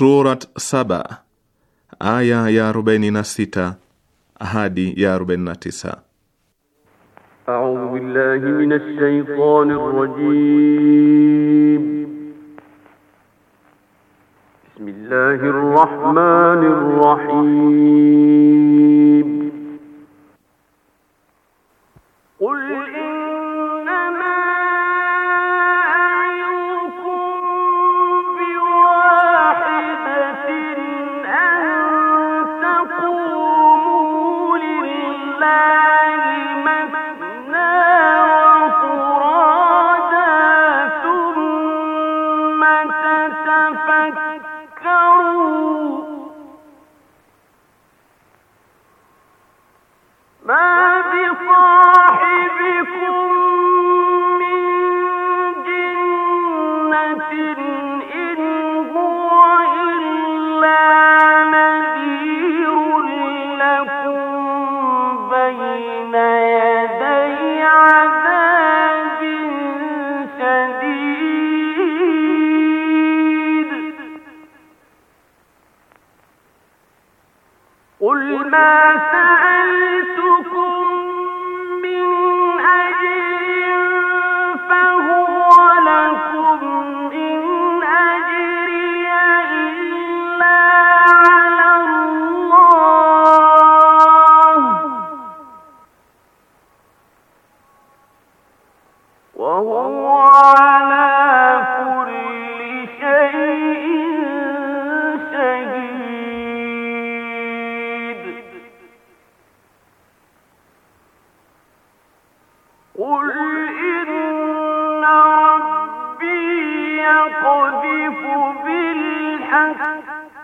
Surat saba aya ya arobaini na sita hadi ya arobaini na tisa. A'udhu billahi minash shaitani rajim. Bismillahir rahmanir rahim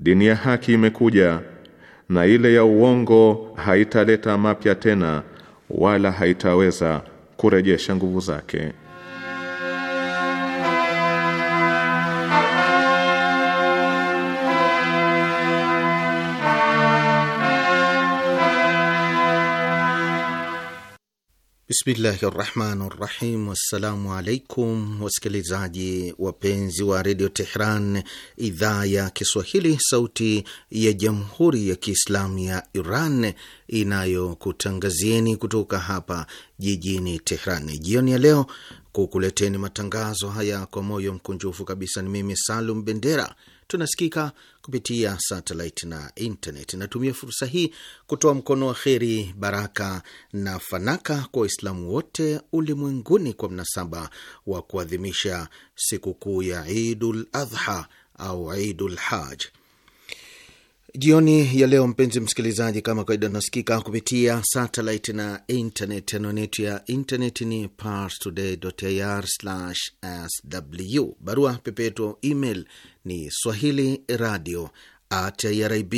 Dini ya haki imekuja na ile ya uongo haitaleta mapya tena wala haitaweza kurejesha nguvu zake. Bismillahi rahmani rahim. Wassalamu alaikum wasikilizaji wapenzi wa redio Tehran, idhaa ya Kiswahili, sauti ya jamhuri ya Kiislamu ya Iran inayokutangazieni kutoka hapa jijini Tehran jioni ya leo kukuleteni matangazo haya kwa moyo mkunjufu kabisa. Ni mimi Salum Bendera Tunasikika kupitia satelit na internet. Natumia fursa hii kutoa mkono wa kheri, baraka na fanaka kwa Waislamu wote ulimwenguni kwa mnasaba wa kuadhimisha sikukuu ya Idul Adha au Idul Haj. Jioni ya leo, mpenzi msikilizaji, kama kawaida, unasikika kupitia satellite na internet. Anwani yetu ya internet ni parstoday.ir/sw. Barua pepe yetu email ni swahili radio at irib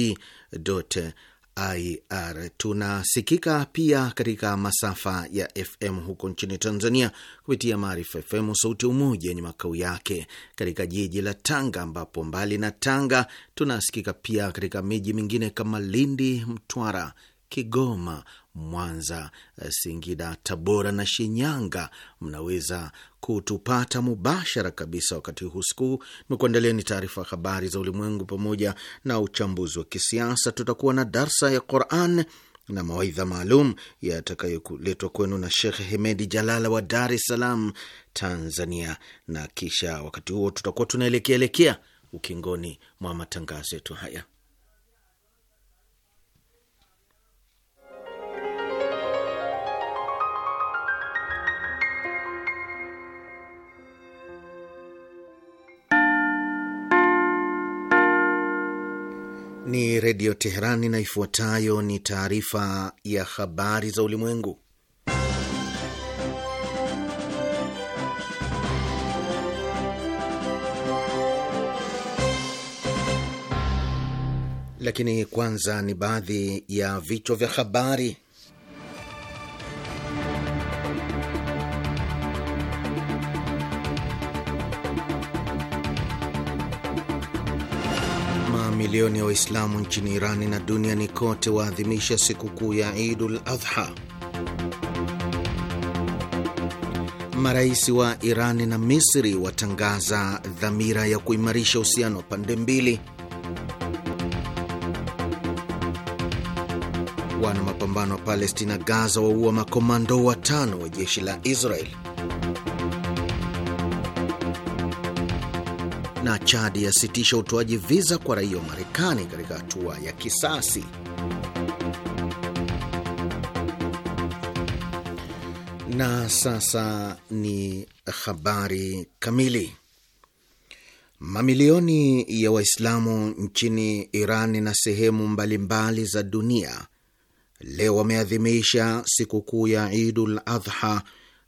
IR. Tunasikika pia katika masafa ya FM huko nchini Tanzania kupitia Maarifa FM Sauti ya Umoja yenye makao yake katika jiji la Tanga, ambapo mbali na Tanga tunasikika pia katika miji mingine kama Lindi, Mtwara, Kigoma, Mwanza, eh, Singida, Tabora na Shinyanga. Mnaweza kutupata mubashara kabisa wakati huu. Sikuu nimekuandalia ni taarifa habari za ulimwengu pamoja na uchambuzi wa kisiasa. Tutakuwa na darsa ya Quran na mawaidha maalum yatakayoletwa kwenu na Shekh Hemedi Jalala wa Dar es Salaam, Tanzania. Na kisha wakati huo tutakuwa tunaelekea elekea ukingoni mwa matangazo yetu haya. ni Redio Teherani na ifuatayo ni taarifa ya habari za ulimwengu. Lakini kwanza ni baadhi ya vichwa vya habari. Mamilioni ya wa Waislamu nchini Irani na duniani kote waadhimisha sikukuu ya Idul Adha. Marais wa Irani na Misri watangaza dhamira ya kuimarisha uhusiano wa pande mbili. Wana mapambano wa Palestina Gaza waua makomando watano wa jeshi la Israeli. na Chadi yasitisha utoaji viza kwa raia wa Marekani katika hatua ya kisasi. Na sasa ni habari kamili. Mamilioni ya Waislamu nchini Iran na sehemu mbalimbali za dunia leo wameadhimisha sikukuu ya Idul Adha,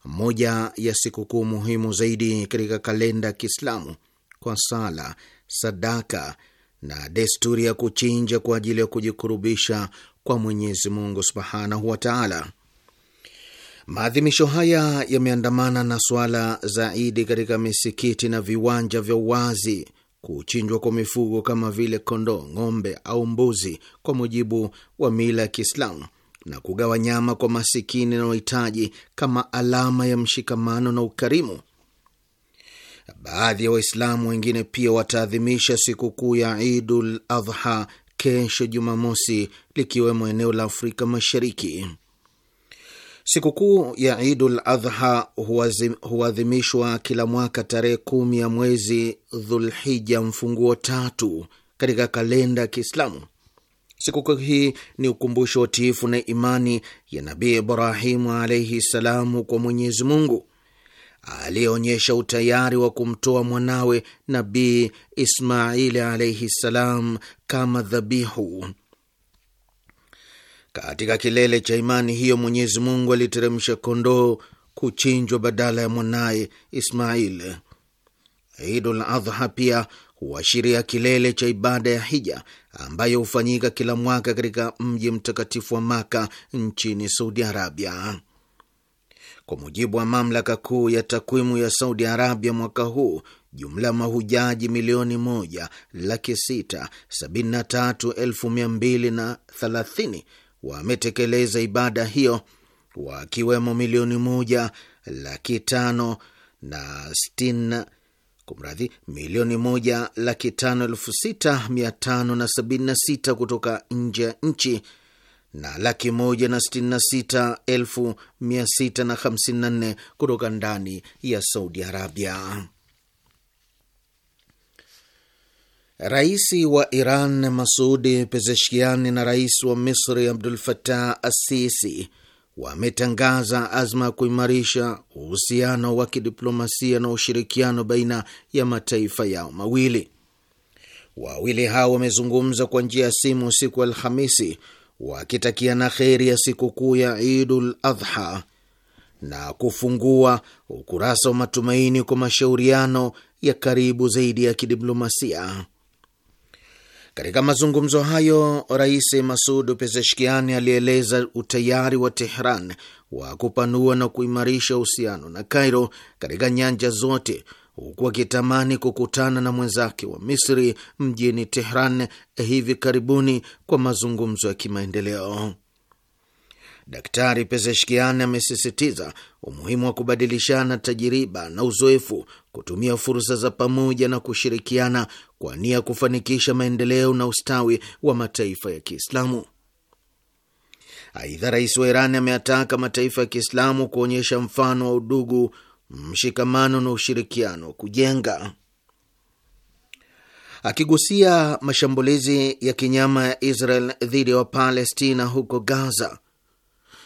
moja ya sikukuu muhimu zaidi katika kalenda ya Kiislamu kwa sala, sadaka na desturi ya kuchinja kwa ajili ya kujikurubisha kwa Mwenyezi Mungu subhanahu wa taala. Maadhimisho haya yameandamana na swala za Idi katika misikiti na viwanja vya uwazi, kuchinjwa kwa mifugo kama vile kondoo, ng'ombe au mbuzi kwa mujibu wa mila ya Kiislamu na kugawa nyama kwa masikini na wahitaji kama alama ya mshikamano na ukarimu na baadhi ya wa Waislamu wengine pia wataadhimisha sikukuu ya Idul Adha kesho Jumamosi, likiwemo eneo la Afrika Mashariki. Sikukuu ya Idul Adha huadhimishwa kila mwaka tarehe kumi ya mwezi Dhulhija mfunguo tatu katika kalenda ya Kiislamu. Sikukuu hii ni ukumbusho wa tiifu na imani ya Nabii Ibrahimu alaihi salamu kwa Mwenyezi Mungu aliyeonyesha utayari wa kumtoa mwanawe Nabii Ismaili alaihi ssalam kama dhabihu. Katika kilele cha imani hiyo, Mwenyezi Mungu aliteremsha kondoo kuchinjwa badala ya mwanaye Ismail. Idul Adha pia huashiria kilele cha ibada ya hija ambayo hufanyika kila mwaka katika mji mtakatifu wa Maka nchini Saudi Arabia. Kwa mujibu wa mamlaka kuu ya takwimu ya Saudi Arabia, mwaka huu jumla mahujaji milioni moja laki sita sabini na tatu elfu mia mbili na thelathini wametekeleza ibada hiyo wakiwemo milioni moja laki tano na sitini Kumradhi, milioni moja laki tano elfu sita mia tano na sabini na sita kutoka nje ya nchi na laki moja na sitini na sita elfu mia sita na hamsini na nne kutoka ndani ya Saudi Arabia. Rais wa Iran Masudi Pezeshkiani na rais wa Misri Abdul fatah Assisi wametangaza azma ya kuimarisha uhusiano wa kidiplomasia na ushirikiano baina ya mataifa yao mawili. Wawili hao wamezungumza kwa njia ya simu siku Alhamisi wakitakia na kheri ya sikukuu ya Idul Adha na kufungua ukurasa wa matumaini kwa mashauriano ya karibu zaidi ya kidiplomasia. Katika mazungumzo hayo, Rais Masud Pezeshkiani alieleza utayari wa Tehran wa kupanua na kuimarisha uhusiano na Kairo katika nyanja zote huku akitamani kukutana na mwenzake wa Misri mjini Tehran hivi karibuni kwa mazungumzo ya kimaendeleo. Daktari Pezeshkian amesisitiza umuhimu wa kubadilishana tajiriba na uzoefu, kutumia fursa za pamoja na kushirikiana kwa nia ya kufanikisha maendeleo na ustawi wa mataifa ya Kiislamu. Aidha, rais wa iran ameataka mataifa ya Kiislamu kuonyesha mfano wa udugu mshikamano na ushirikiano wa kujenga. Akigusia mashambulizi ya kinyama ya Israel dhidi ya Wapalestina huko Gaza,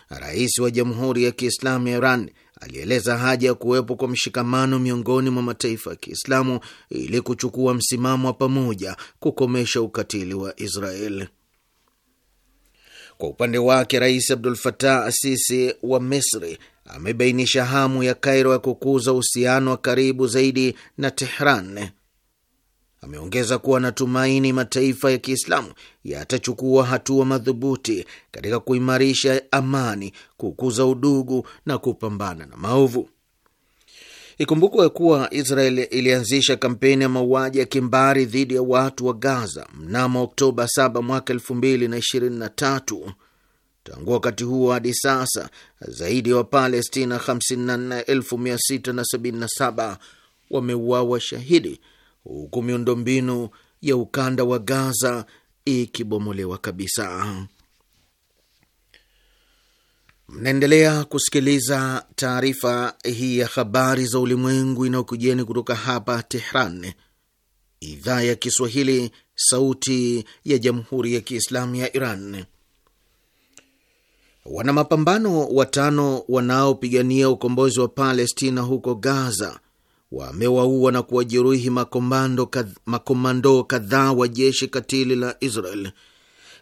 rais wa Jamhuri ya Kiislamu ya Iran alieleza haja ya kuwepo kwa mshikamano miongoni mwa mataifa ya Kiislamu ili kuchukua msimamo wa pamoja kukomesha ukatili wa Israel. Kwa upande wake, Rais Abdul fatah asisi wa Misri amebainisha hamu ya Kairo ya kukuza uhusiano wa karibu zaidi na Tehran. Ameongeza kuwa anatumaini mataifa ya Kiislamu yatachukua hatua madhubuti katika kuimarisha amani, kukuza udugu na kupambana na maovu. Ikumbukwe kuwa Israel ilianzisha kampeni ya mauaji ya kimbari dhidi ya watu wa Gaza mnamo Oktoba 7 mwaka 2023 Tangu wakati huo hadi sasa zaidi ya Wapalestina 54677 wameuawa shahidi, huku miundombinu ya ukanda wa Gaza ikibomolewa kabisa. Mnaendelea kusikiliza taarifa hii ya habari za ulimwengu inayokujeni kutoka hapa Tehran, idhaa ya Kiswahili, sauti ya jamhuri ya kiislamu ya Iran. Wanamapambano watano wanaopigania ukombozi wa Palestina huko Gaza wamewaua na kuwajeruhi makomando kadhaa wa jeshi katili la Israel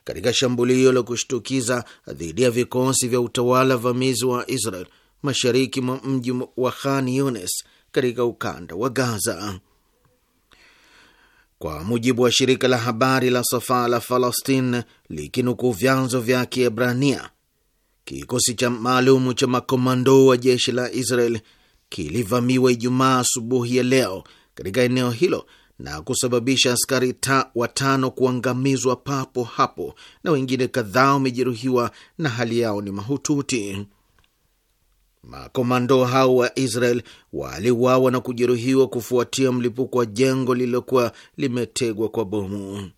katika shambulio la kushtukiza dhidi ya vikosi vya utawala vamizi wa Israel mashariki mwa mji wa Khan Younis katika ukanda wa Gaza. Kwa mujibu wa shirika la habari la Safa la Falastin likinukuu vyanzo vya Kiebrania, Kikosi cha maalum cha makomando wa jeshi la Israel kilivamiwa Ijumaa asubuhi ya leo katika eneo hilo na kusababisha askari ta watano kuangamizwa papo hapo na wengine kadhaa wamejeruhiwa na hali yao ni mahututi. Makomando hao wa Israel waliuawa na kujeruhiwa kufuatia mlipuko wa jengo lililokuwa limetegwa kwa bomu.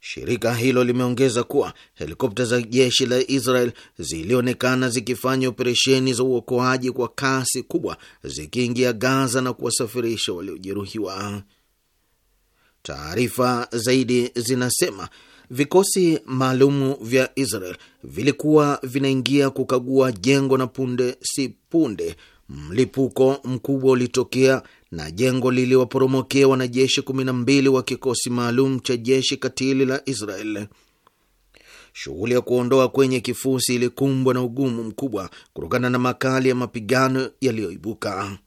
Shirika hilo limeongeza kuwa helikopta za jeshi la Israel zilionekana zikifanya operesheni za uokoaji kwa kasi kubwa, zikiingia Gaza na kuwasafirisha waliojeruhiwa. Taarifa zaidi zinasema vikosi maalumu vya Israel vilikuwa vinaingia kukagua jengo, na punde si punde mlipuko mkubwa ulitokea na jengo liliwaporomokea wanajeshi 12 wa kikosi maalum cha jeshi katili la Israel. Shughuli ya kuondoa kwenye kifusi ilikumbwa na ugumu mkubwa kutokana na makali ya mapigano yaliyoibuka.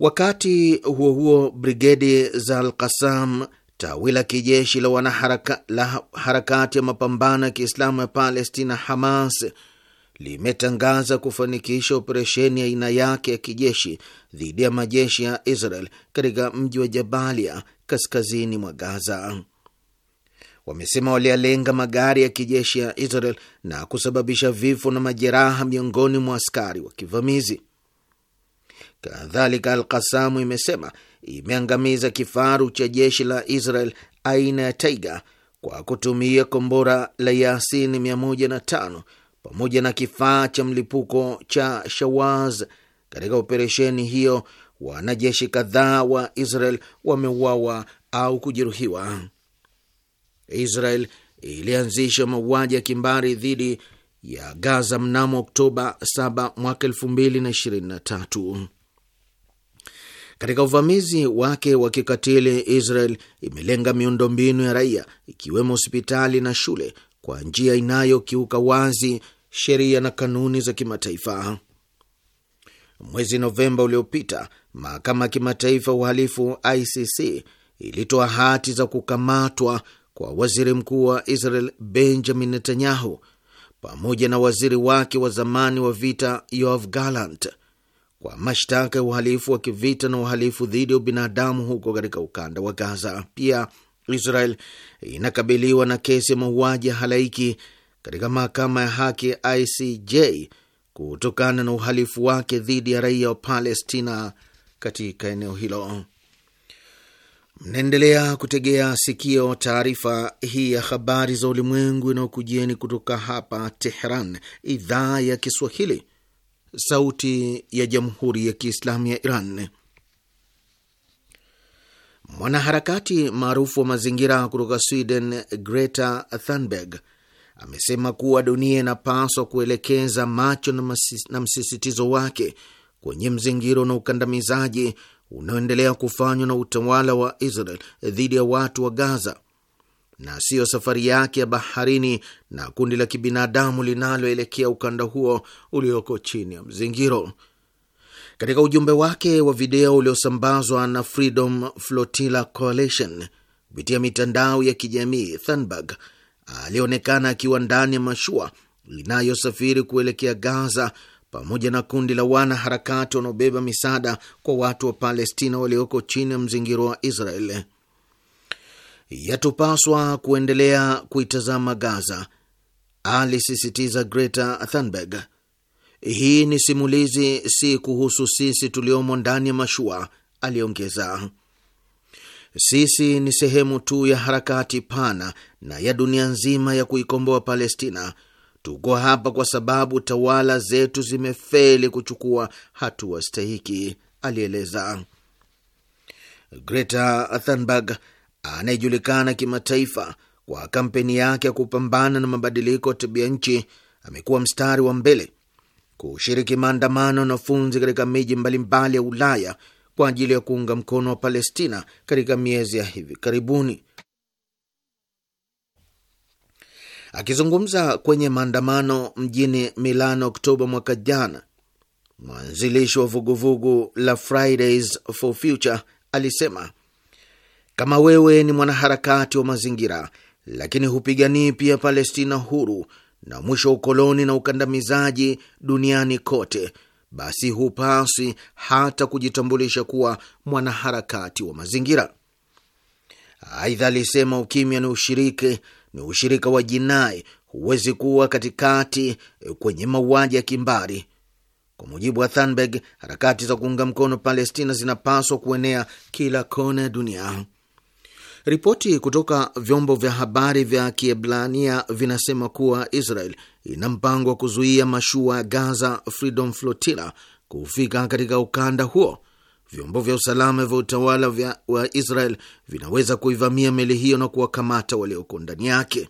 Wakati huo huo, brigedi za Al-Qassam, tawi la kijeshi la wanaharakati ya mapambano ya Kiislamu ya Palestina, Hamas, limetangaza kufanikisha operesheni ya aina yake ya kijeshi dhidi ya majeshi ya Israel katika mji wa Jabalia kaskazini mwa Gaza. Wamesema walialenga magari ya kijeshi ya Israel na kusababisha vifo na majeraha miongoni mwa askari wa kivamizi. Kadhalika, Alkasamu imesema imeangamiza kifaru cha jeshi la Israel aina ya Taiga kwa kutumia kombora la yasini 105 pamoja na kifaa cha mlipuko cha Shawaz. Katika operesheni hiyo, wanajeshi kadhaa wa Israel wameuawa au kujeruhiwa. Israel ilianzisha mauaji ya kimbari dhidi ya Gaza mnamo Oktoba 7 mwaka 2023. Katika uvamizi wake wa kikatili, Israel imelenga miundombinu ya raia ikiwemo hospitali na shule kwa njia inayokiuka wazi sheria na kanuni za kimataifa. Mwezi Novemba uliopita, mahakama ya kimataifa uhalifu ICC ilitoa hati za kukamatwa kwa waziri mkuu wa Israel Benjamin Netanyahu pamoja na waziri wake wa zamani wa vita Yoav Gallant kwa mashtaka ya uhalifu wa kivita na uhalifu dhidi ya ubinadamu huko katika ukanda wa Gaza. Pia Israel inakabiliwa na kesi ya mauaji ya halaiki katika mahakama ya haki ICJ kutokana na uhalifu wake dhidi ya raia wa Palestina katika eneo hilo. Mnaendelea kutegea sikio taarifa hii ya habari za ulimwengu inayokujieni kutoka hapa Tehran, idhaa ya Kiswahili, sauti ya jamhuri ya kiislamu ya Iran. Mwanaharakati maarufu wa mazingira kutoka Sweden, Greta Thunberg amesema kuwa dunia inapaswa kuelekeza macho na msisitizo wake kwenye mzingiro na ukandamizaji unaoendelea kufanywa na utawala wa Israel dhidi ya watu wa Gaza na siyo safari yake ya baharini na kundi la kibinadamu linaloelekea ukanda huo ulioko chini ya mzingiro. Katika ujumbe wake wa video uliosambazwa na Freedom Flotilla Coalition kupitia mitandao ya kijamii, Thunberg alionekana akiwa ndani ya mashua inayosafiri kuelekea Gaza pamoja na kundi la wanaharakati wanaobeba misaada kwa watu wa Palestina walioko chini ya mzingiro wa Israel. Yatupaswa kuendelea kuitazama Gaza, alisisitiza Greta Thunberg. Hii ni simulizi, si kuhusu sisi tuliomo ndani ya mashua, aliongeza. Sisi ni sehemu tu ya harakati pana na ya dunia nzima ya kuikomboa Palestina. Tuko hapa kwa sababu tawala zetu zimefeli kuchukua hatua stahiki, alieleza Greta Thunberg anayejulikana kimataifa kwa kampeni yake ya kupambana na mabadiliko ya tabia nchi. Amekuwa mstari wa mbele kushiriki maandamano na wanafunzi katika miji mbalimbali ya Ulaya kwa ajili ya kuunga mkono wa Palestina katika miezi ya hivi karibuni. Akizungumza kwenye maandamano mjini Milan Oktoba mwaka jana, mwanzilishi wa vuguvugu la Fridays for Future alisema, kama wewe ni mwanaharakati wa mazingira lakini hupiganii pia Palestina huru na mwisho wa ukoloni na ukandamizaji duniani kote, basi hupaswi hata kujitambulisha kuwa mwanaharakati wa mazingira. Aidha alisema ukimya ni ushiriki, ni ushirika wa jinai. Huwezi kuwa katikati e, kwenye mauaji ya kimbari. Kwa mujibu wa Thunberg, harakati za kuunga mkono Palestina zinapaswa kuenea kila kona ya dunia. Ripoti kutoka vyombo vya habari vya Kiebrania vinasema kuwa Israel ina mpango wa kuzuia mashua ya Gaza Freedom Flotilla kufika katika ukanda huo. Vyombo vya usalama vya utawala vya wa Israel vinaweza kuivamia meli hiyo na kuwakamata walioko ndani yake.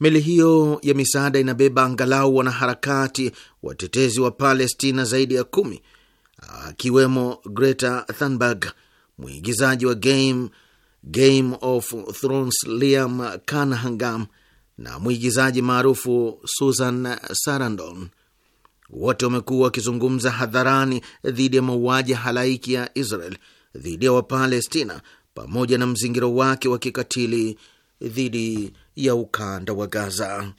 Meli hiyo ya misaada inabeba angalau wanaharakati watetezi wa Palestina zaidi ya kumi, akiwemo Greta Thunberg, mwigizaji wa game Game of Thrones Liam Cunningham na mwigizaji maarufu Susan Sarandon wote wamekuwa wakizungumza hadharani dhidi ya mauaji halaiki ya Israel dhidi ya Wapalestina pamoja na mzingiro wake wa kikatili dhidi ya ukanda wa Gaza.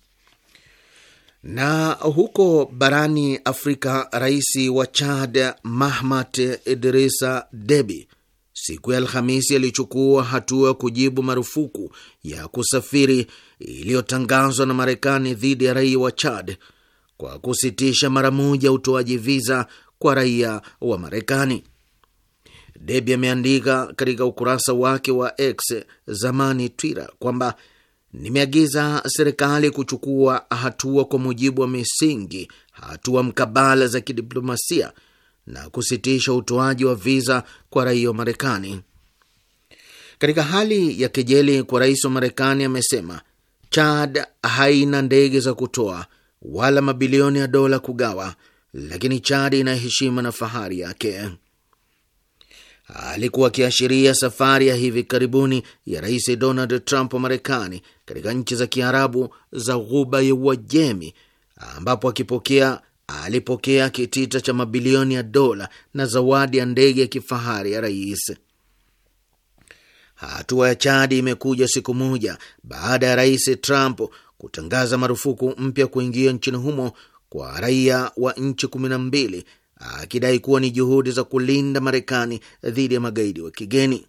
Na huko barani Afrika, rais wa Chad Mahamat Idrisa Debi siku ya Alhamisi alichukua hatua ya kujibu marufuku ya kusafiri iliyotangazwa na Marekani dhidi ya raia wa Chad kwa kusitisha mara moja utoaji viza kwa raia wa Marekani. Debi ameandika katika ukurasa wake wa X, zamani Twitter, kwamba nimeagiza serikali kuchukua hatua kwa mujibu wa misingi, hatua mkabala za kidiplomasia na kusitisha utoaji wa viza kwa raia wa Marekani. Katika hali ya kejeli kwa rais wa Marekani, amesema Chad haina ndege za kutoa wala mabilioni ya dola kugawa, lakini Chad ina heshima na fahari yake. Alikuwa akiashiria safari ya hivi karibuni ya rais Donald Trump wa Marekani katika nchi za Kiarabu za Ghuba ya Uajemi, ambapo akipokea alipokea kitita cha mabilioni ya dola na zawadi ya ndege ya kifahari ya rais. Hatua ya Chadi imekuja siku moja baada ya rais Trump kutangaza marufuku mpya kuingia nchini humo kwa raia wa nchi kumi na mbili akidai kuwa ni juhudi za kulinda Marekani dhidi ya magaidi wa kigeni.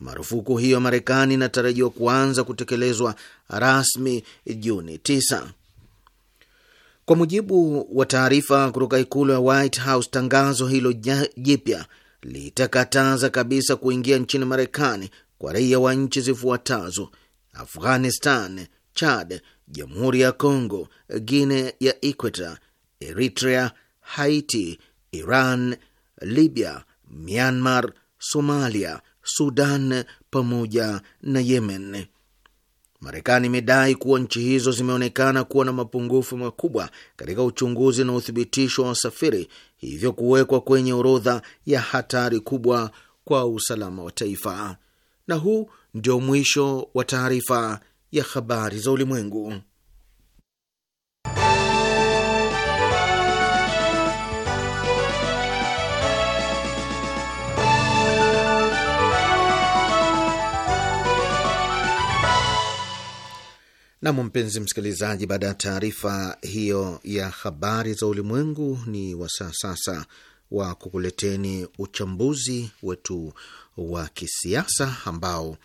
Marufuku hiyo ya Marekani inatarajiwa kuanza kutekelezwa rasmi Juni 9. Kwa mujibu wa taarifa kutoka ikulu ya White House, tangazo hilo jipya litakataza kabisa kuingia nchini Marekani kwa raia wa nchi zifuatazo: Afghanistan, Chad, Jamhuri ya Congo, Guinea ya Equator, Eritrea, Haiti, Iran, Libya, Myanmar, Somalia, Sudan pamoja na Yemen. Marekani imedai kuwa nchi hizo zimeonekana kuwa na mapungufu makubwa katika uchunguzi na uthibitisho wa wasafiri, hivyo kuwekwa kwenye orodha ya hatari kubwa kwa usalama wa taifa. Na huu ndio mwisho wa taarifa ya habari za ulimwengu. Nam, mpenzi msikilizaji, baada ya taarifa hiyo ya habari za ulimwengu, ni wasaa sasa wa kukuleteni uchambuzi wetu wa kisiasa ambao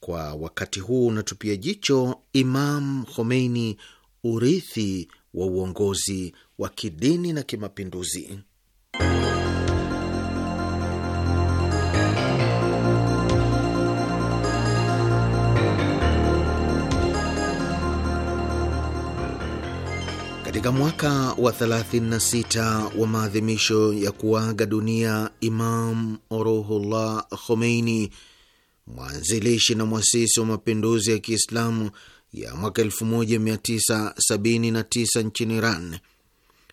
kwa wakati huu unatupia jicho Imam Khomeini, urithi wa uongozi wa kidini na kimapinduzi. Katika mwaka wa 36 wa maadhimisho ya kuaga dunia Imam Ruhullah Khomeini, mwanzilishi na mwasisi wa mapinduzi ya Kiislamu ya mwaka 1979 nchini Iran,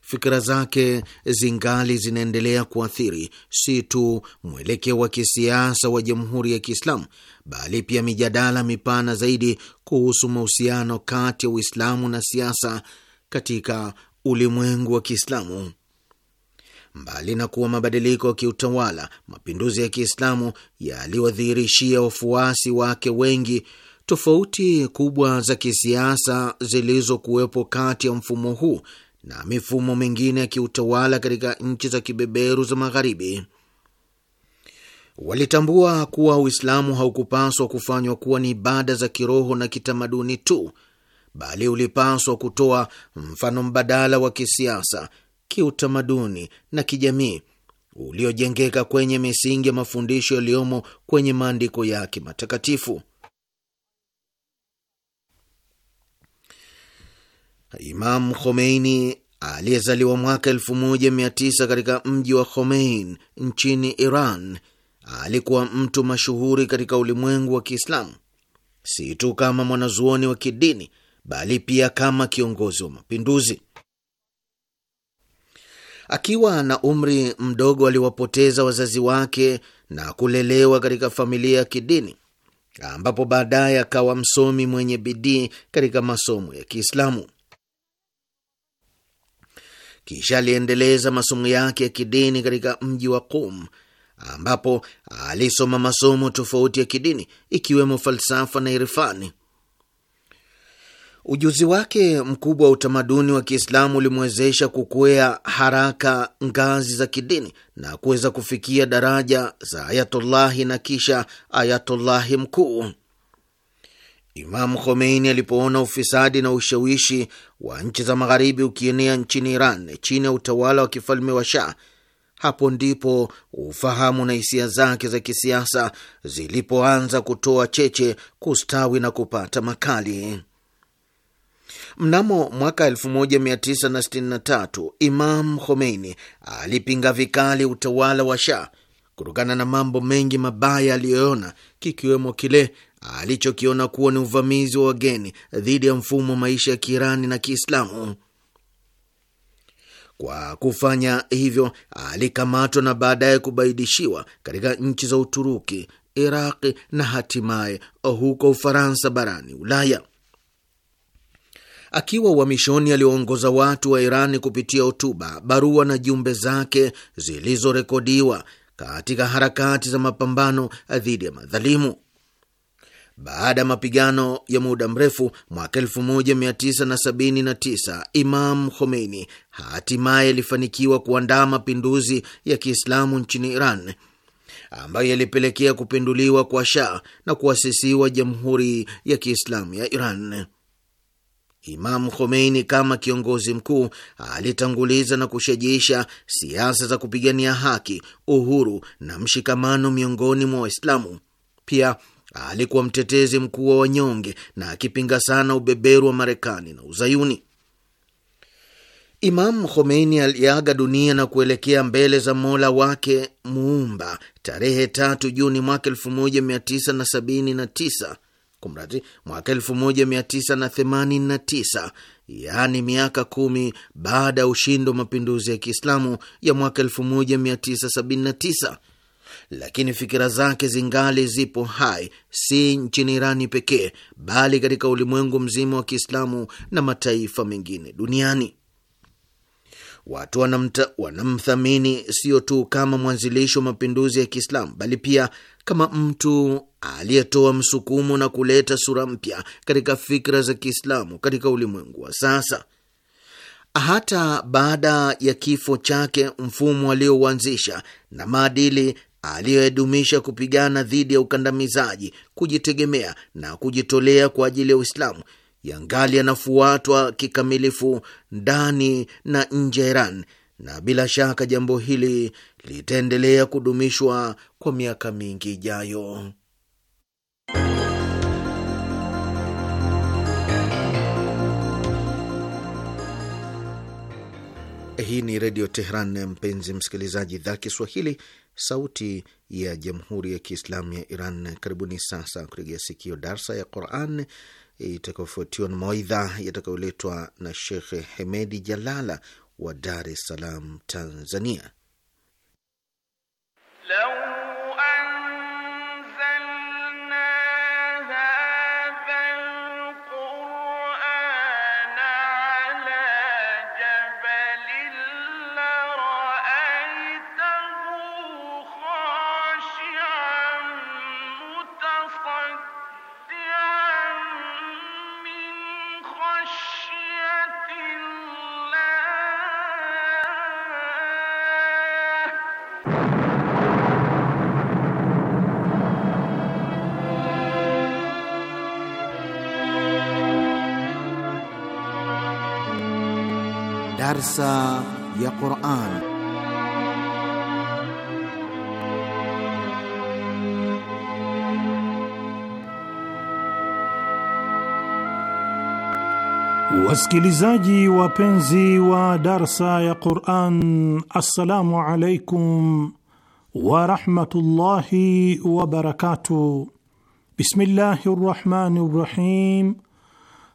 fikira zake zingali zinaendelea kuathiri si tu mwelekeo wa kisiasa wa Jamhuri ya Kiislamu bali pia mijadala mipana zaidi kuhusu mahusiano kati ya Uislamu na siasa katika ulimwengu wa Kiislamu. Mbali na kuwa mabadiliko ya kiutawala, mapinduzi ya Kiislamu yaliwadhihirishia wafuasi wake wengi tofauti kubwa za kisiasa zilizokuwepo kati ya mfumo huu na mifumo mingine ya kiutawala katika nchi za kibeberu za Magharibi. Walitambua kuwa Uislamu haukupaswa kufanywa kuwa ni ibada za kiroho na kitamaduni tu, bali ulipaswa kutoa mfano mbadala wa kisiasa, kiutamaduni na kijamii uliojengeka kwenye misingi ya mafundisho yaliyomo kwenye maandiko yake matakatifu. Imam Khomeini aliyezaliwa mwaka 1900 katika mji wa Khomein nchini Iran alikuwa mtu mashuhuri katika ulimwengu wa Kiislamu, si tu kama mwanazuoni wa kidini bali pia kama kiongozi wa mapinduzi. Akiwa na umri mdogo, aliwapoteza wazazi wake na kulelewa katika familia ya kidini, ambapo baadaye akawa msomi mwenye bidii katika masomo ya Kiislamu. Kisha aliendeleza masomo yake ya kidini katika mji wa Qum ambapo alisoma masomo tofauti ya kidini ikiwemo falsafa na irfani. Ujuzi wake mkubwa wa utamaduni wa Kiislamu ulimwezesha kukwea haraka ngazi za kidini na kuweza kufikia daraja za Ayatullahi na kisha Ayatullahi mkuu. Imamu Khomeini alipoona ufisadi na ushawishi wa nchi za magharibi ukienea nchini Iran chini ya utawala wa kifalme wa Shah, hapo ndipo ufahamu na hisia zake za kisiasa zilipoanza kutoa cheche, kustawi na kupata makali. Mnamo mwaka 1963 Imam Khomeini alipinga vikali utawala wa Shah kutokana na mambo mengi mabaya aliyoona, kikiwemo kile alichokiona kuwa ni uvamizi wa wageni dhidi ya mfumo wa maisha ya Kiirani na Kiislamu. Kwa kufanya hivyo, alikamatwa na baadaye kubaidishiwa katika nchi za Uturuki, Iraqi na hatimaye huko Ufaransa barani Ulaya. Akiwa uhamishoni, alioongoza watu wa Irani kupitia hotuba, barua na jumbe zake zilizorekodiwa katika harakati za mapambano dhidi ya madhalimu. Baada ya mapigano ya muda mrefu mwaka 1979 Imam Khomeini hatimaye alifanikiwa kuandaa mapinduzi ya Kiislamu nchini Iran ambayo yalipelekea kupinduliwa kwa Shah na kuasisiwa Jamhuri ya Kiislamu ya Iran. Imamu Khomeini kama kiongozi mkuu alitanguliza na kushajiisha siasa za kupigania haki, uhuru na mshikamano miongoni mwa Waislamu. Pia alikuwa mtetezi mkuu wa wanyonge na akipinga sana ubeberu wa Marekani na Uzayuni. Imamu Khomeini aliaga dunia na kuelekea mbele za Mola wake Muumba tarehe 3 Juni mwaka 1979 kumradhi, mwaka 1989 yaani miaka kumi baada ya ushindi wa mapinduzi ya Kiislamu ya mwaka 1979, lakini fikira zake zingali zipo hai, si nchini Irani pekee, bali katika ulimwengu mzima wa Kiislamu na mataifa mengine duniani. Watu wanamthamini sio tu kama mwanzilishi wa mapinduzi ya Kiislamu bali pia kama mtu aliyetoa msukumo na kuleta sura mpya katika fikra za Kiislamu katika ulimwengu wa sasa. Hata baada ya kifo chake, mfumo aliouanzisha na maadili aliyoyadumisha kupigana dhidi ya ukandamizaji, kujitegemea na kujitolea kwa ajili ya Uislamu yangali yanafuatwa kikamilifu ndani na nje ya Iran, na bila shaka jambo hili litaendelea kudumishwa kwa miaka mingi ijayo. Hii ni Redio Tehran, mpenzi msikilizaji, idhaa Kiswahili, sauti ya jamhuri ya kiislamu ya Iran. Karibuni sasa kurejea sikio darsa ya Quran itakayofuatiwa na mawaidha yatakayoletwa na Shekhe Hemedi Jalala wa Dar es Salaam, Tanzania. darsa ya Qur'an. Wasikilizaji wapenzi wa darsa ya Qur'an, assalamu alaikum wa rahmatullahi wa barakatuh. Bismillahir rahmanir rahim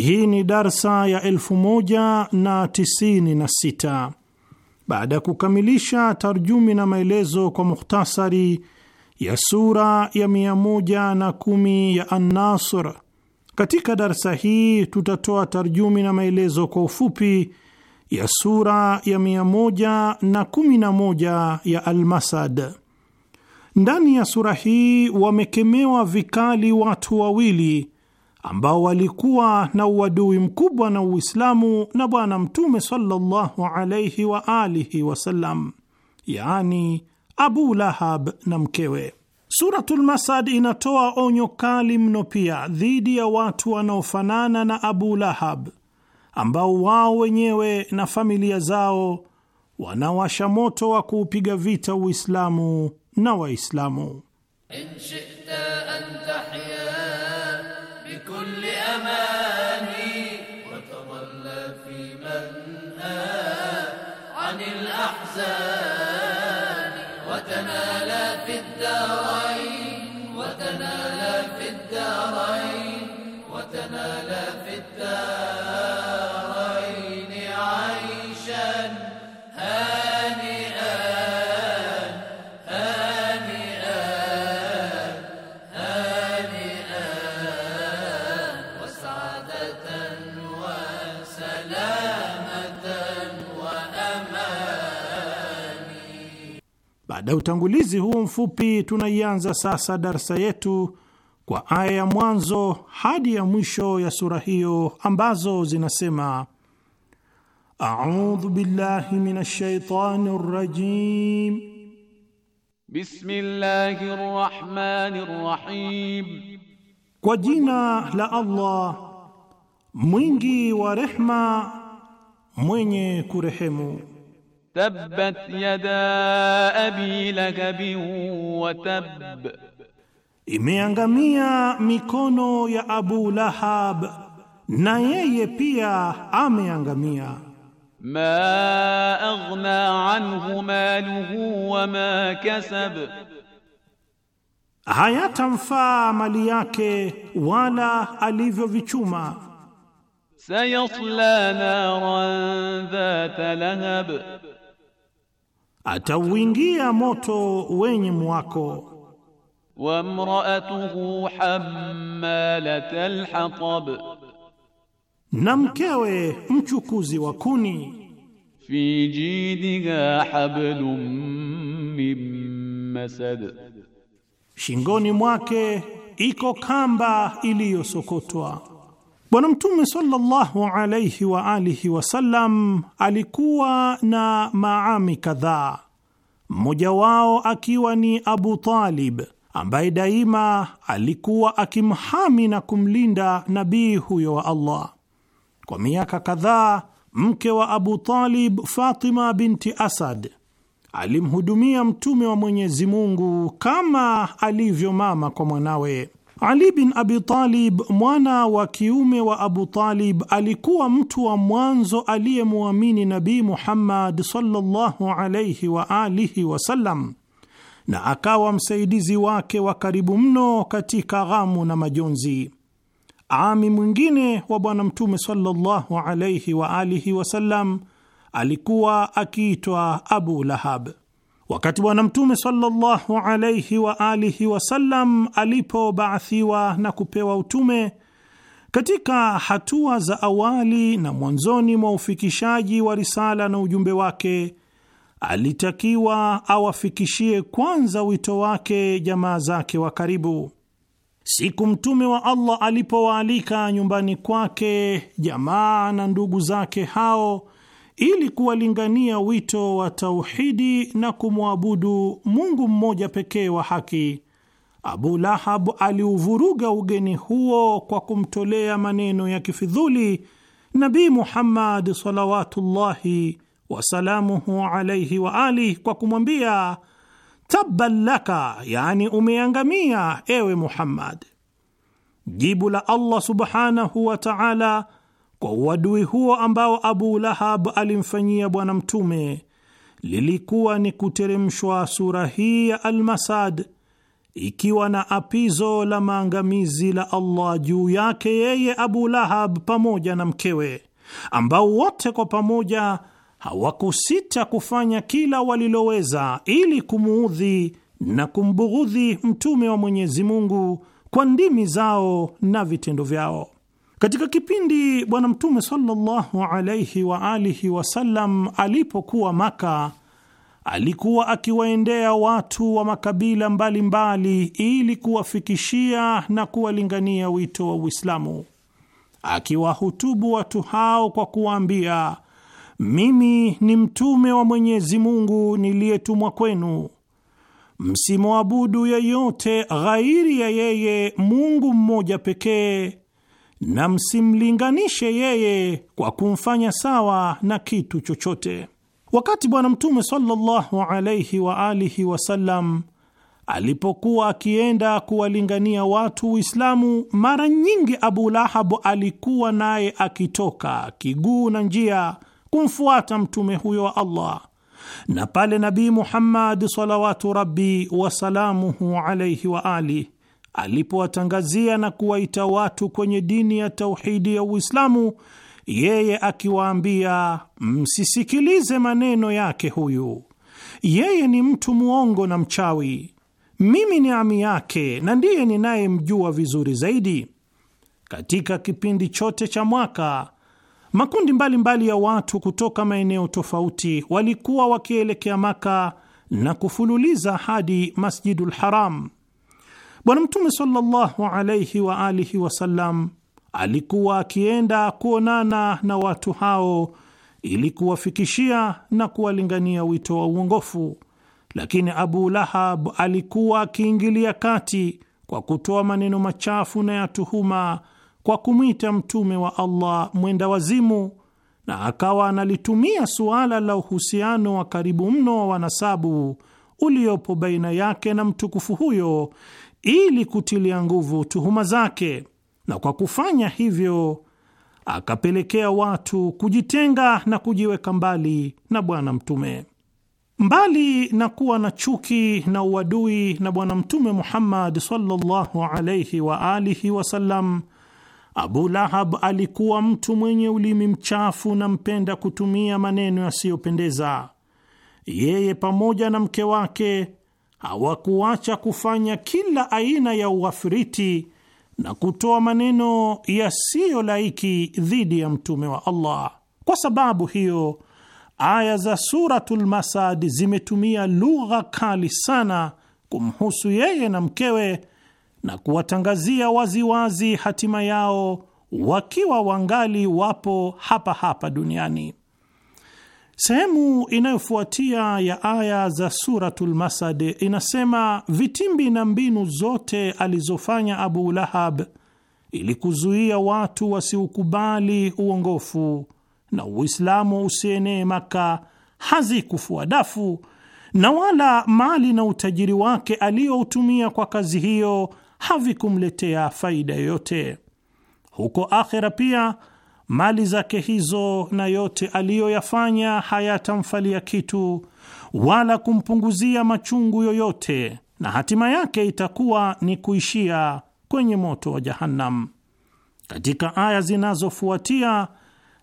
Hii ni darsa ya elfu moja na tisini na sita baada ya kukamilisha tarjumi na maelezo kwa mukhtasari ya sura ya mia moja na kumi ya An-Nasr. Katika darsa hii tutatoa tarjumi na maelezo kwa ufupi ya sura ya mia moja na kumi na moja ya almasad Ndani ya sura hii wamekemewa vikali watu wawili ambao walikuwa na uadui mkubwa na Uislamu na Bwana Mtume sallallahu alaihi wa alihi wasallam, yani Abu Lahab na mkewe. Suratul Masad inatoa onyo kali mno pia dhidi ya watu wanaofanana na Abu Lahab ambao wao wenyewe na familia zao wanawasha moto wa kuupiga vita Uislamu na Waislamu. Baada ya utangulizi huu mfupi, tunaianza sasa darsa yetu kwa aya ya mwanzo hadi ya mwisho ya sura hiyo ambazo zinasema: audhu billahi minash shaitani rrajim, rahim, kwa jina la Allah mwingi wa rehma mwenye kurehemu. تبت يدا أبي لهب وتب Imeangamia mikono ya Abu Lahab na yeye pia ameangamia. Ma aghna anhu maluhu wa ma kasab, hayatamfaa mali yake wala alivyovichuma. Sayasla naran dhata lahab atauingia moto wenye mwako. wa mraatuhu hammalatal hatab, na mkewe mchukuzi wa kuni. fi jidiha hablum min masad, shingoni mwake iko kamba iliyosokotwa. Bwana Mtume sallallahu alaihi wa alihi wasallam alikuwa na maami kadhaa, mmoja wao akiwa ni Abu Talib ambaye daima alikuwa akimhami na kumlinda nabii huyo wa Allah. Kwa miaka kadhaa, mke wa Abu Talib, Fatima binti Asad, alimhudumia Mtume wa Mwenyezi Mungu kama alivyo mama kwa mwanawe. Ali bin Abi Talib mwana wa kiume wa Abu Talib alikuwa mtu wa mwanzo aliyemwamini nabi Muhammad sallallahu alayhi wa alihi wasallam na akawa msaidizi wake wa karibu mno katika ghamu na majonzi. Ami mwingine wa Bwana Mtume sallallahu alayhi wa alihi wasallam alikuwa akiitwa Abu Lahab. Wakati Bwana Mtume sallallahu alaihi wa alihi wasallam alipobaathiwa na kupewa utume, katika hatua za awali na mwanzoni mwa ufikishaji wa risala na ujumbe wake, alitakiwa awafikishie kwanza wito wake jamaa zake wa karibu. Siku mtume wa Allah alipowaalika nyumbani kwake jamaa na ndugu zake hao ili kuwalingania wito wa tauhidi na kumwabudu Mungu mmoja pekee wa haki. Abu Lahab aliuvuruga ugeni huo kwa kumtolea maneno ya kifidhuli Nabi Muhammad salawatullahi wasalamuhu alaihi wa alih kwa kumwambia tabban laka, yani umeangamia ewe Muhammad. Jibu la Allah subhanahu wa ta'ala kwa uadui huo ambao Abu Lahab alimfanyia Bwana Mtume lilikuwa ni kuteremshwa sura hii ya Almasad ikiwa na apizo la maangamizi la Allah juu yake yeye Abu Lahab pamoja na mkewe, ambao wote kwa pamoja hawakusita kufanya kila waliloweza ili kumuudhi na kumbughudhi mtume wa Mwenyezi Mungu kwa ndimi zao na vitendo vyao. Katika kipindi Bwana Mtume sallallahu alaihi wa alihi wasallam alipokuwa Maka, alikuwa akiwaendea watu wa makabila mbalimbali mbali, ili kuwafikishia na kuwalingania wito wa Uislamu, akiwahutubu watu hao kwa kuwaambia, mimi ni mtume wa Mwenyezi Mungu niliyetumwa kwenu Msimwabudu yeyote ghairi ya yeye, Mungu mmoja pekee, na msimlinganishe yeye kwa kumfanya sawa na kitu chochote. Wakati Bwana Mtume sallallahu alaihi wa alihi wasallam alipokuwa akienda kuwalingania watu Uislamu, mara nyingi Abu Lahabu alikuwa naye akitoka kiguu na njia kumfuata mtume huyo wa Allah, na pale Nabii Muhammad salawatu rabbi wasalamuhu alaihi wa alihi alipowatangazia na kuwaita watu kwenye dini ya tauhidi ya Uislamu, yeye akiwaambia msisikilize maneno yake huyu, yeye ni mtu mwongo na mchawi, mimi ni ami yake na ndiye ninayemjua vizuri zaidi. Katika kipindi chote cha mwaka makundi mbalimbali mbali ya watu kutoka maeneo tofauti walikuwa wakielekea Maka na kufululiza hadi Masjidul Haram. Bwana Mtume sallallahu alaihi wa alihi wasallam alikuwa akienda kuonana na watu hao ili kuwafikishia na kuwalingania wito wa uongofu, lakini Abu Lahab alikuwa akiingilia kati kwa kutoa maneno machafu na ya tuhuma kwa kumwita mtume wa Allah mwenda wazimu, na akawa analitumia suala la uhusiano wa karibu mno wa wanasabu uliopo baina yake na mtukufu huyo ili kutilia nguvu tuhuma zake, na kwa kufanya hivyo akapelekea watu kujitenga na kujiweka mbali na Bwana Mtume. Mbali na kuwa na chuki na uadui na Bwana Mtume Muhammad sallallahu alayhi wa alihi wasallam, Abu Lahab alikuwa mtu mwenye ulimi mchafu na mpenda kutumia maneno yasiyopendeza. Yeye pamoja na mke wake hawakuacha kufanya kila aina ya uafriti na kutoa maneno yasiyo laiki dhidi ya mtume wa Allah. Kwa sababu hiyo, aya za Suratul Masad zimetumia lugha kali sana kumhusu yeye na mkewe na kuwatangazia waziwazi hatima yao wakiwa wangali wapo hapa hapa duniani. Sehemu inayofuatia ya aya za Suratul Masad inasema vitimbi na mbinu zote alizofanya Abu Lahab ili kuzuia watu wasiukubali uongofu na Uislamu usienee Maka hazikufua dafu, na wala mali na utajiri wake aliyoutumia kwa kazi hiyo havikumletea faida yoyote huko akhera pia mali zake hizo na yote aliyoyafanya hayatamfalia kitu wala kumpunguzia machungu yoyote, na hatima yake itakuwa ni kuishia kwenye moto wa Jahannam. Katika aya zinazofuatia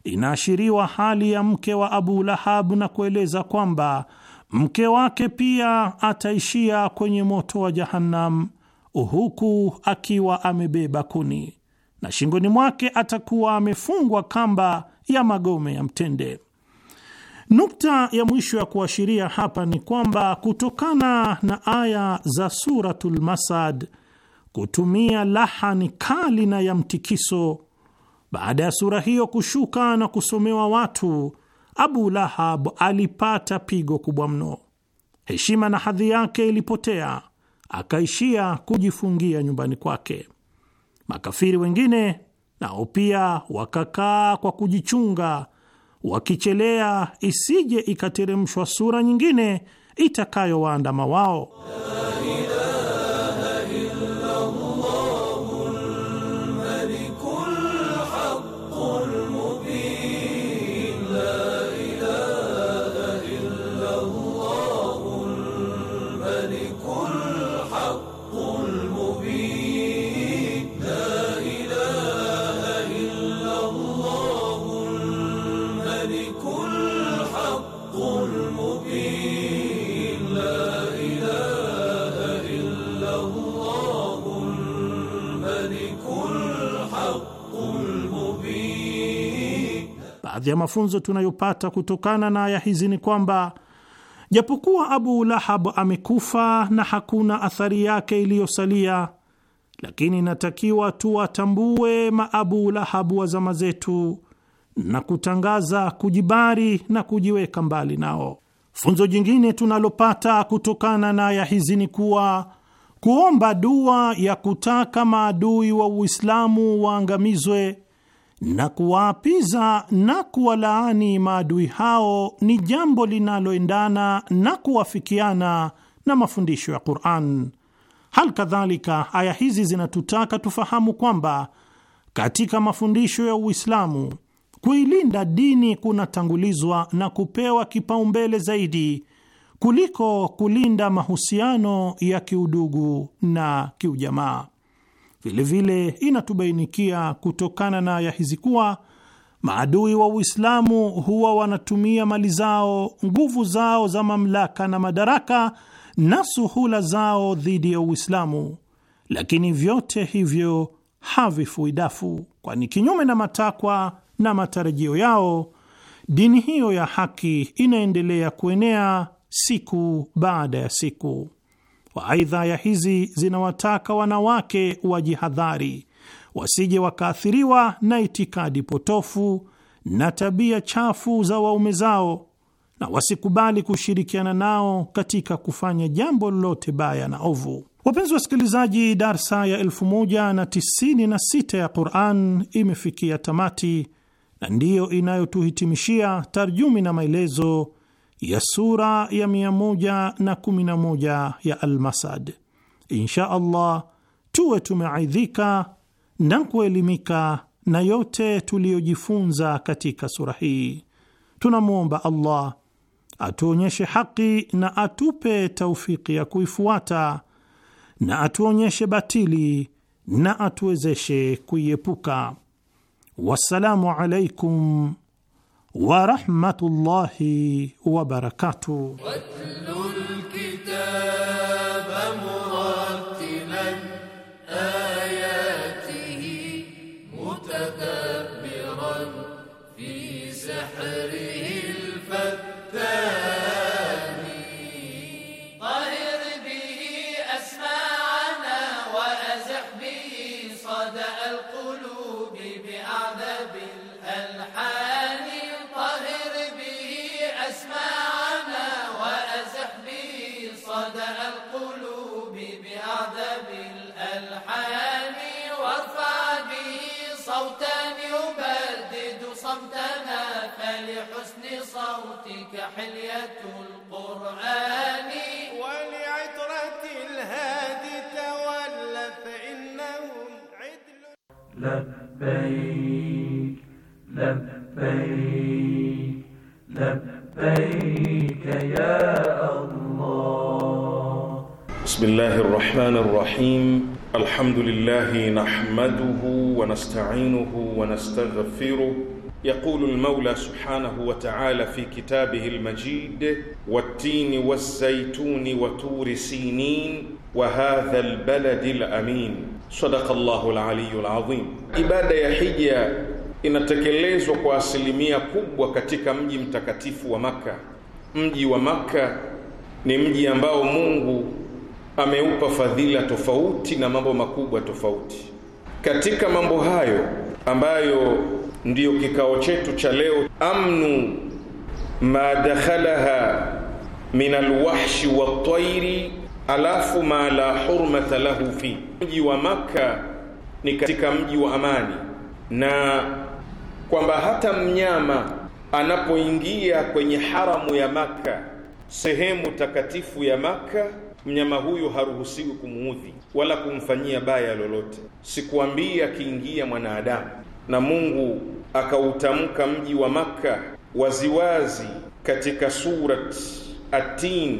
inaashiriwa hali ya mke wa Abu Lahab na kueleza kwamba mke wake pia ataishia kwenye moto wa Jahannam huku akiwa amebeba kuni na shingoni mwake atakuwa amefungwa kamba ya magome ya mtende. Nukta ya mwisho ya kuashiria hapa ni kwamba kutokana na aya za Suratul Masad kutumia lahani kali na ya mtikiso, baada ya sura hiyo kushuka na kusomewa watu, Abu Lahab alipata pigo kubwa mno. Heshima na hadhi yake ilipotea, akaishia kujifungia nyumbani kwake. Makafiri wengine nao pia wakakaa kwa kujichunga, wakichelea isije ikateremshwa sura nyingine itakayowaandama wao Baadhi ya mafunzo tunayopata kutokana na aya hizi ni kwamba japokuwa Abu Lahab amekufa na hakuna athari yake iliyosalia, lakini inatakiwa tuwatambue maabu Lahabu wa zama zetu na kutangaza kujibari na kujiweka mbali nao. Funzo jingine tunalopata kutokana na aya hizi ni kuwa kuomba dua ya kutaka maadui wa Uislamu waangamizwe na kuwaapiza na kuwalaani maadui hao ni jambo linaloendana na kuwafikiana na mafundisho ya Qur'an. Hal kadhalika aya hizi zinatutaka tufahamu kwamba katika mafundisho ya Uislamu kuilinda dini kunatangulizwa na kupewa kipaumbele zaidi kuliko kulinda mahusiano ya kiudugu na kiujamaa. Vilevile inatubainikia kutokana na aya hizi kuwa maadui wa Uislamu huwa wanatumia mali zao, nguvu zao za mamlaka na madaraka na suhula zao dhidi ya Uislamu, lakini vyote hivyo havifui dafu, kwani kinyume na matakwa na matarajio yao, dini hiyo ya haki inaendelea kuenea siku baada ya siku aidha ya hizi zinawataka wanawake wajihadhari wasije wakaathiriwa na itikadi potofu na tabia chafu za waume zao na wasikubali kushirikiana nao katika kufanya jambo lolote baya na ovu. Wapenzi wasikilizaji, darsa ya 1096 ya Quran imefikia tamati na ndiyo inayotuhitimishia tarjumi na maelezo ya sura ya moja ya Almasad. Insha Allah tuwe tumeaidhika na kuelimika na yote tuliyojifunza katika sura hii. Tunamwomba Allah atuonyeshe haki na atupe taufiki ya kuifuata na atuonyeshe batili na atuwezeshe kuiepuka. Wassalamu alaikum ورحمة الله وبركاته حلية القرآن ولعطرة الهادي تولى فإنهم عدل لبيك لبيك لبيك يا الله بسم الله الرحمن الرحيم الحمد لله نحمده ونستعينه ونستغفره يقول المولى سبحانه وتعالى في كتابه المجيد والتين والزيتون وتور سينين وهذا البلد الامين صدق الله العلي العظيم ibada ya hija inatekelezwa kwa asilimia kubwa katika mji mtakatifu wa maka mji wa maka ni mji ambao mungu ameupa fadhila tofauti na mambo makubwa tofauti katika mambo hayo ambayo ndiyo kikao chetu cha leo, amnu ma dakhalaha min alwahshi watairi alafu ma la hurmata lahu fi. Mji wa Makka ni katika mji wa amani, na kwamba hata mnyama anapoingia kwenye haramu ya Makka, sehemu takatifu ya Makka, mnyama huyu haruhusiwi kumuudhi wala kumfanyia baya lolote. Sikuambia akiingia mwanadamu na Mungu akautamka mji wa Makka waziwazi katika Surat Atin,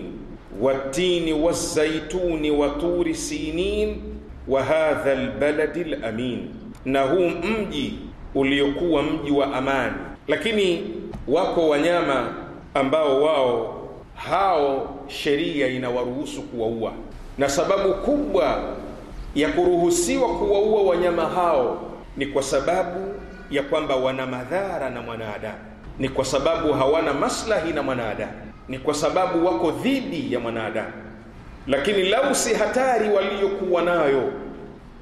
watini wazaituni waturi sinin wa hadha lbaladi lamin, na huu mji uliokuwa mji wa amani. Lakini wako wanyama ambao wao hao sheria inawaruhusu kuwaua, na sababu kubwa ya kuruhusiwa kuwaua wanyama hao ni kwa sababu ya kwamba wana madhara na mwanadamu, ni kwa sababu hawana maslahi na mwanadamu, ni kwa sababu wako dhidi ya mwanadamu. Lakini lau si hatari waliyokuwa nayo,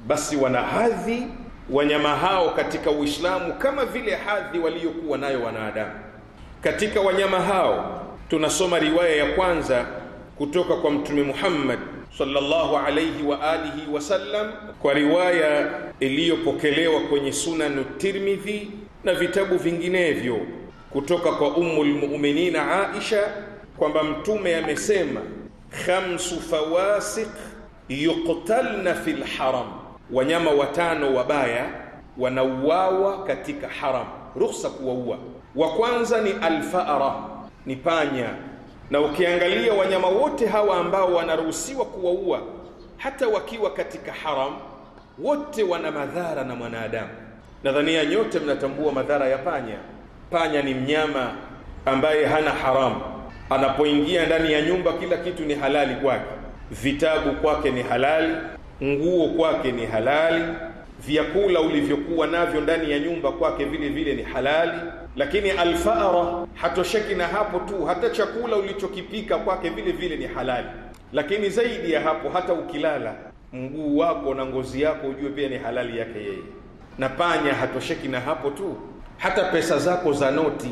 basi wana hadhi wanyama hao katika Uislamu kama vile hadhi waliyokuwa nayo wanadamu. Katika wanyama hao tunasoma riwaya ya kwanza kutoka kwa Mtume Muhammad sallallahu alayhi wa alihi wasallam kwa riwaya iliyopokelewa kwenye Sunanu Tirmidhi na vitabu vinginevyo kutoka kwa Ummul Muminina Aisha kwamba Mtume amesema, khamsu fawasiq yuqtalna fil haram, wanyama watano wabaya wanauawa katika haram, ruhsa kuwaua. Wa kwanza ni alfara, ni panya na ukiangalia wanyama wote hawa ambao wanaruhusiwa kuwaua hata wakiwa katika haram, wote wana madhara na mwanadamu. Nadhania nyote mnatambua madhara ya panya. Panya ni mnyama ambaye hana haramu. Anapoingia ndani ya nyumba, kila kitu ni halali kwake. Vitabu kwake ni halali, nguo kwake ni halali, vyakula ulivyokuwa navyo ndani ya nyumba kwake vile vile ni halali lakini alfara hatosheki na hapo tu, hata chakula ulichokipika kwake vile vile ni halali. Lakini zaidi ya hapo, hata ukilala mguu wako na ngozi yako ujue pia ni halali yake yeye. Na panya hatosheki na hapo tu, hata pesa zako za noti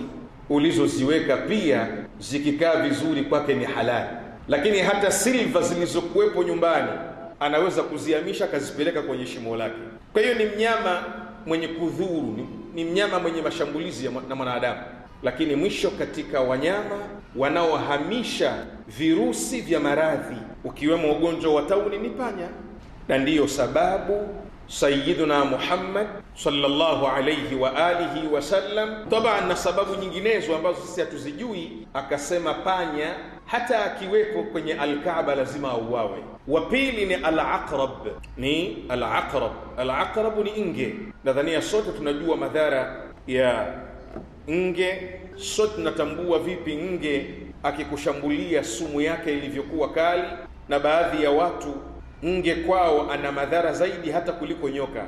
ulizoziweka pia zikikaa vizuri kwake ni halali. Lakini hata silva zilizokuwepo nyumbani anaweza kuzihamisha akazipeleka kwenye shimo lake. Kwa hiyo ni mnyama mwenye kudhuru, ni mnyama mwenye mashambulizi na mwanadamu, lakini mwisho katika wanyama wanaohamisha virusi vya maradhi ukiwemo ugonjwa wa tauni ni panya, na ndiyo sababu sayiduna Muhammad salllahu alaihi wa alihi wasallam, taban na sababu nyinginezo ambazo sisi hatuzijui, akasema panya hata akiwepo kwenye Alkaaba lazima auawe. Wa pili ni alaqrab, ni alaqrab. Alaqrabu ni nge. Nadhania sote tunajua madhara ya nge, sote tunatambua vipi nge akikushambulia sumu yake ilivyokuwa kali, na baadhi ya watu nge kwao ana madhara zaidi hata kuliko nyoka.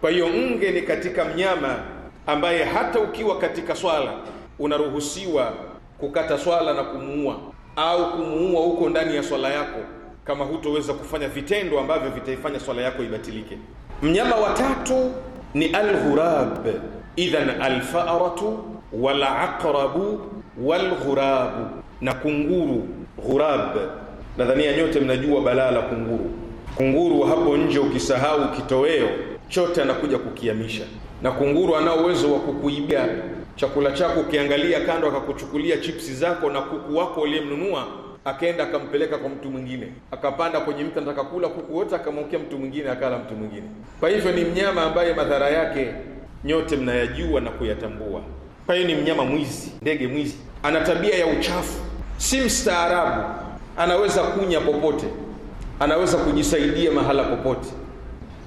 Kwa hiyo nge ni katika mnyama ambaye hata ukiwa katika swala unaruhusiwa kukata swala na kumuua au kumuua huko ndani ya swala yako, kama hutoweza kufanya vitendo ambavyo vitaifanya swala yako ibatilike. Mnyama watatu ni alghurab. Idhan alfaratu walaqrabu walghurabu, na kunguru ghurab. Nadhania nyote mnajua balaa la kunguru. Kunguru hapo nje ukisahau kitoweo chote anakuja kukiamisha, na kunguru ana uwezo wa kukuibia chakula chako ukiangalia kando, akakuchukulia chipsi zako na kuku wako uliyemnunua, akaenda akampeleka kwa mtu mwingine, akapanda kwenye mti anataka kula kuku wote, akamwokea mtu mwingine, akala mtu mwingine. Kwa hivyo ni mnyama ambaye madhara yake nyote mnayajua na kuyatambua. Kwa hiyo ni mnyama mwizi, ndege mwizi, ana tabia ya uchafu, si mstaarabu, anaweza kunya popote, anaweza kujisaidia mahala popote,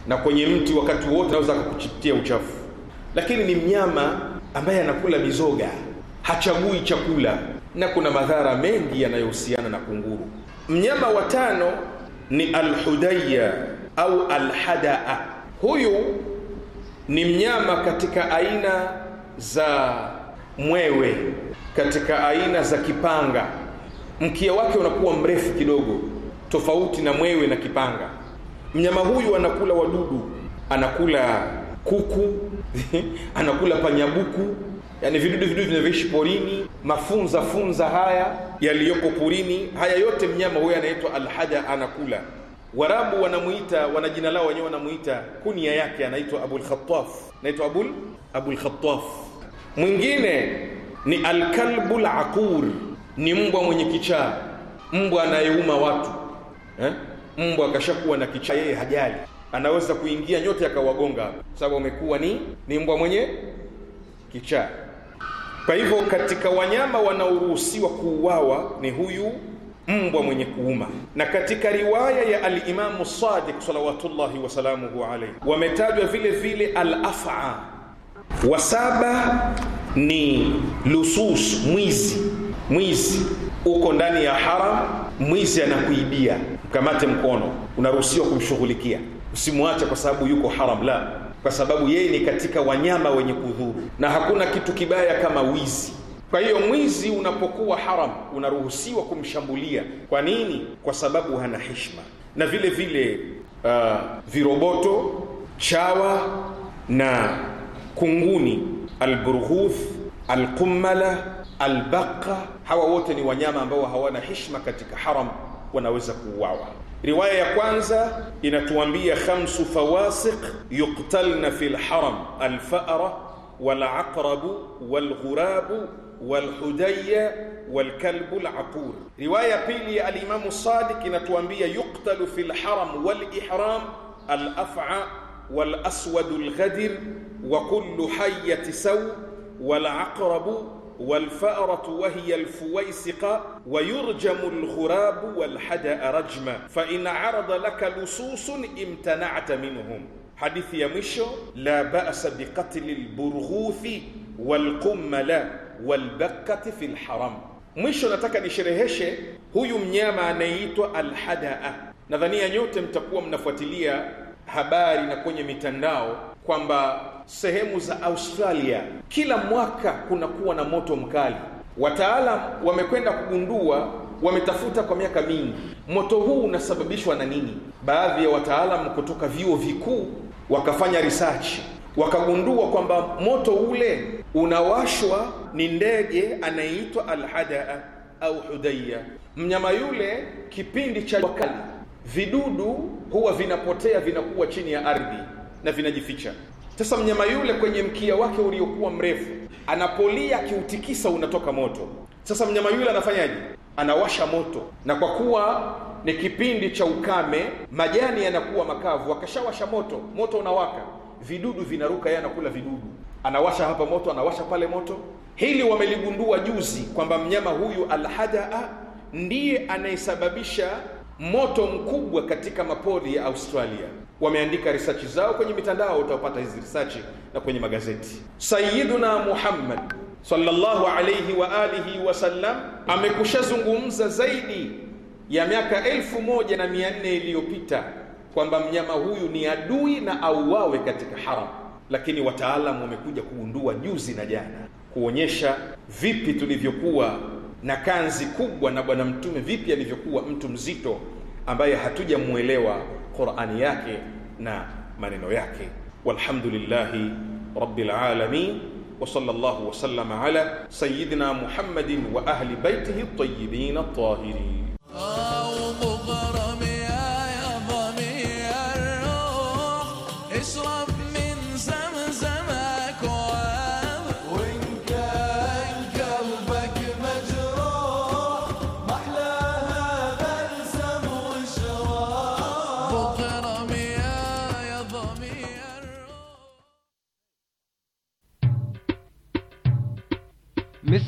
na kwenye mti wakati wote anaweza akakuchitia uchafu, lakini ni mnyama ambaye anakula mizoga hachagui chakula, na kuna madhara mengi yanayohusiana na kunguru. Mnyama wa tano ni alhudaya au alhadaa. Huyu ni mnyama katika aina za mwewe, katika aina za kipanga. Mkia wake unakuwa mrefu kidogo, tofauti na mwewe na kipanga. Mnyama huyu anakula wadudu, anakula kuku anakula panyabuku, yani vidudu vidudu vinavyoishi porini, mafunza funza haya yaliyoko porini, haya yote mnyama huyo anaitwa alhaja anakula. Warabu wanamuita, wana jina lao wenyewe, wanamuita kunia yake, anaitwa Abul Khattaf, anaitwa Abul Abul Khattaf. Mwingine ni alkalbu laqur ni mbwa mwenye kichaa, mbwa anayeuma watu eh? Mbwa akashakuwa na kichaa, yeye hajali anaweza kuingia nyote akawagonga, sababu amekuwa ni ni mbwa mwenye kichaa. Kwa hivyo katika wanyama wanaoruhusiwa kuuawa ni huyu mbwa mwenye kuuma. Na katika riwaya ya Alimamu Sadiq salawatullahi wasalamuhu alaihi wametajwa vile vile afa wa saba ni lusus, mwizi. Mwizi uko ndani ya haram, mwizi anakuibia, mkamate mkono, unaruhusiwa kumshughulikia usimwache kwa sababu yuko haram, la, kwa sababu yeye ni katika wanyama wenye kudhuru, na hakuna kitu kibaya kama wizi. Kwa hiyo mwizi unapokuwa haram, unaruhusiwa kumshambulia. Kwa nini? Kwa sababu hana hishma Na vile vile uh, viroboto, chawa na kunguni, alburghuf, alqummala, albaqa, hawa wote ni wanyama ambao hawana hishma katika haram, wanaweza kuuawa. riwaya ya kwanza inatuambia khamsu fawasiq yuqtalna fi lharam alfara walaqrabu walghurabu walhudaya walkalbu laqur riwaya pili ya alimamu sadik inatuambia yuqtalu fi lharam walihram alafa والأسود الغدر وكل حية سو والعقرب والفأرة وهي الفويسقة ويرجم الغراب والحدأ رجما فإن عرض لك لصوص امتنعت منهم حديث يا مشو لا بأس بقتل البرغوث والقمل والبكة في الحرم mwisho nataka nishereheshe huyu mnyama anayeitwa alhadaa nadhania nyote mtakuwa mnafuatilia habari na kwenye mitandao kwamba sehemu za Australia kila mwaka kunakuwa na moto mkali. Wataalam wamekwenda kugundua, wametafuta kwa miaka mingi, moto huu unasababishwa na nini. Baadhi ya wataalam kutoka vyuo vikuu wakafanya research, wakagundua kwamba moto ule unawashwa ni ndege anayeitwa alhadaa au hudaya. Mnyama yule kipindi cha wakali, vidudu huwa vinapotea, vinakuwa chini ya ardhi na vinajificha. Sasa mnyama yule kwenye mkia wake uliokuwa mrefu, anapolia akiutikisa unatoka moto. Sasa mnyama yule anafanyaje? Anawasha moto, na kwa kuwa ni kipindi cha ukame, majani yanakuwa makavu. Akashawasha moto, moto unawaka, vidudu vinaruka, yeye anakula vidudu, anawasha hapa moto, anawasha pale moto. Hili wameligundua juzi kwamba mnyama huyu alhadaa ndiye anayesababisha moto mkubwa katika mapori ya Australia. Wameandika risachi zao kwenye mitandao, utapata hizi risachi na kwenye magazeti. Sayyiduna Muhammad sallallahu alayhi wa alihi sallam amekushazungumza zaidi ya miaka elfu moja na mia nne iliyopita kwamba mnyama huyu ni adui na auawe katika haram, lakini wataalamu wamekuja kugundua juzi na jana kuonyesha vipi tulivyokuwa na kanzi kubwa na bwana mtume vipi alivyokuwa mtu mzito ambaye hatujamwelewa qurani yake na maneno yake walhamdulillah rabbil alamin وصلى الله وسلم على سيدنا محمد وأهل بيته الطيبين الطاهرين أو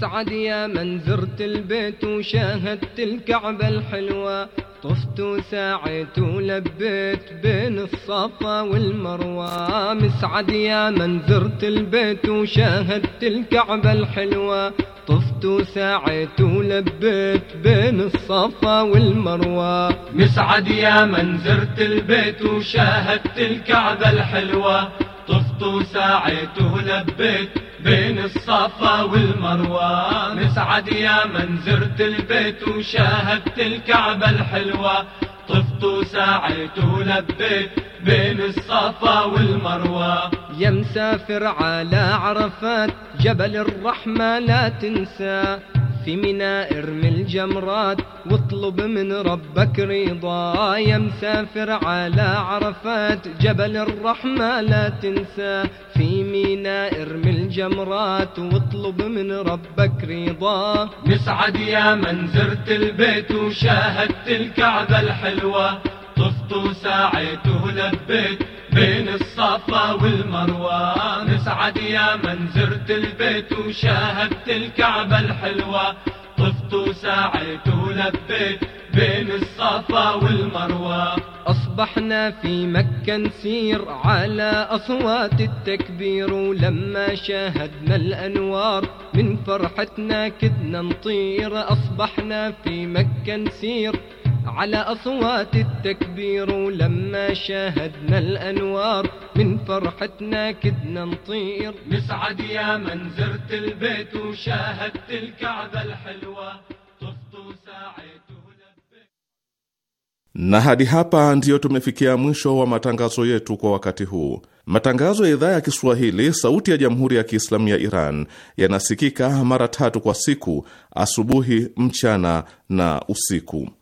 أسعد يا من زرت البيت وشاهدت الكعبة الحلوة طفت وساعيت ولبيت بين الصفا والمروة مسعد يا من زرت البيت وشاهدت الكعبة الحلوة طفت وساعيت ولبيت بين الصفا والمروة مسعد يا من زرت البيت وشاهدت الكعبة الحلوة طفت وساعيت ولبيت بين الصفا والمروى مسعد يا من زرت البيت وشاهدت الكعبة الحلوة طفت وسعيت ولبيت بين الصفا والمروى يا مسافر على عرفات جبل الرحمة لا تنسى في ميناء ارمي الجمرات واطلب من ربك رضا يا مسافر على عرفات جبل الرحمة لا تنسى في ميناء ارمي الجمرات واطلب من ربك رضا مسعد يا من زرت البيت وشاهدت الكعبة الحلوة طفت وساعيت ولبيت بين الصفا والمروة نسعد يا من زرت البيت وشاهدت الكعبة الحلوة طفت وسعيت ولبيت بين الصفا والمروة أصبحنا في مكة نسير على أصوات التكبير ولما شاهدنا الأنوار من فرحتنا كدنا نطير أصبحنا في مكة نسير على أصوات التكبير لما شاهدنا الأنوار من فرحتنا كدنا نطير نسعد يا من زرت البيت وشاهدت الكعبة الحلوة طفت ساعته na hadi hapa ndiyo tumefikia mwisho wa matangazo yetu kwa wakati huu. Matangazo ya idhaa ya Kiswahili sauti ya jamhuri ya Kiislamu ya Iran yanasikika mara tatu kwa siku: asubuhi, mchana na usiku.